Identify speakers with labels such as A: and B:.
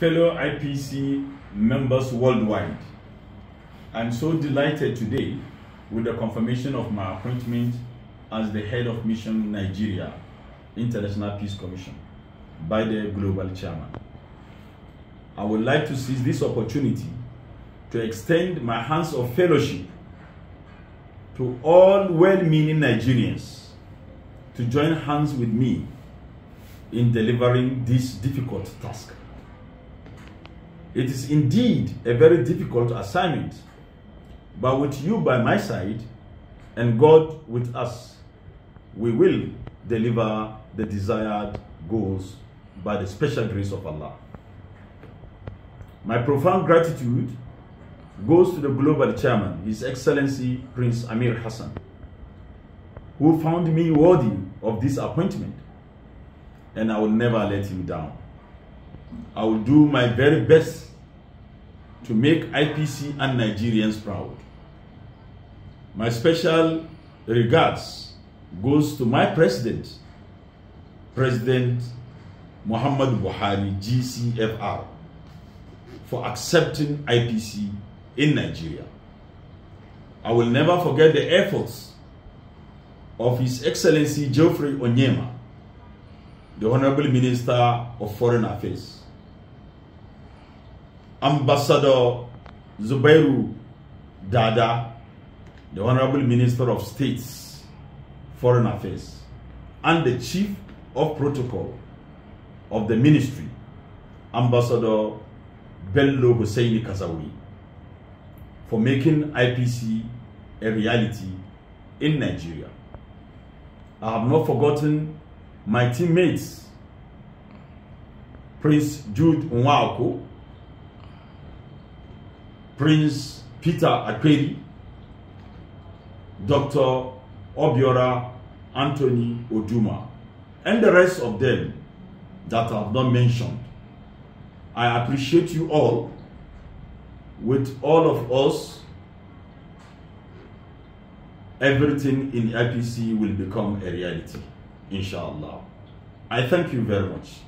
A: fellow IPC members worldwide. I'm so delighted today with the confirmation of my appointment as the head of Mission Nigeria, International Peace Commission, by the global chairman. I would like to seize this opportunity to extend my hands of fellowship to all well-meaning Nigerians to join hands with me in delivering this difficult task. It is indeed a very difficult assignment, but with you by my side and God with us, we will deliver the desired goals by the special grace of Allah. My profound gratitude goes to the global chairman, His Excellency Prince Amir Hassan, who found me worthy of this appointment, and I will never let him down. I will do my very best to make IPC and Nigerians proud. My special regards goes to my president, President Muhammad Buhari, GCFR, for accepting IPC in Nigeria. I will never forget the efforts of His Excellency Geoffrey Onyema, the Honorable Minister of Foreign Affairs, Ambassador Zubairu Dada, the Honorable Minister of States, Foreign Affairs, and the Chief of Protocol of the Ministry, Ambassador Bello Hosseini Kazawi, for making IPC a reality in Nigeria. I have not forgotten my teammates, Prince Jude Nwako, Prince Peter Akweli, Dr. Obiora Anthony Oduma, and the rest of them that I've not mentioned. I appreciate you all with all of us everything in IPC will become a reality, inshallah. I thank you very much.